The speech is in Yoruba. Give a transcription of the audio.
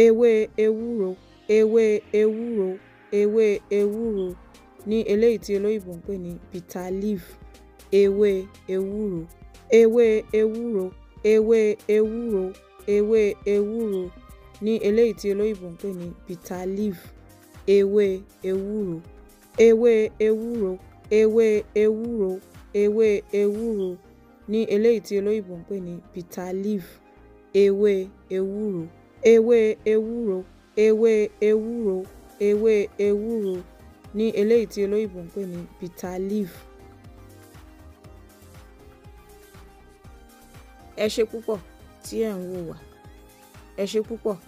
ewe ewuro ewe ewuro ewe ewuro ni eléyìí tí olóyìnbó ń pè ní bitter leaf ewe ewuro ewe ewuro ewe ewuro ewé ewúro ní eléyìí tí olóyìnbó ń pè ní bitter leaf ewe ewuro ewe ewuro ewé ewúro ewé ewúro ni eléyìí tí olóyìnbó ń pè ní bitter leaf ewé ewúro ewé ewúro ewé ewúro ewé ewúro ní eléyìí tí olóyìnbó ń pè ní bitter leaf. ẹ ṣé púpọ̀ tí ẹ̀ ń wò wá ẹ ṣé púpọ̀.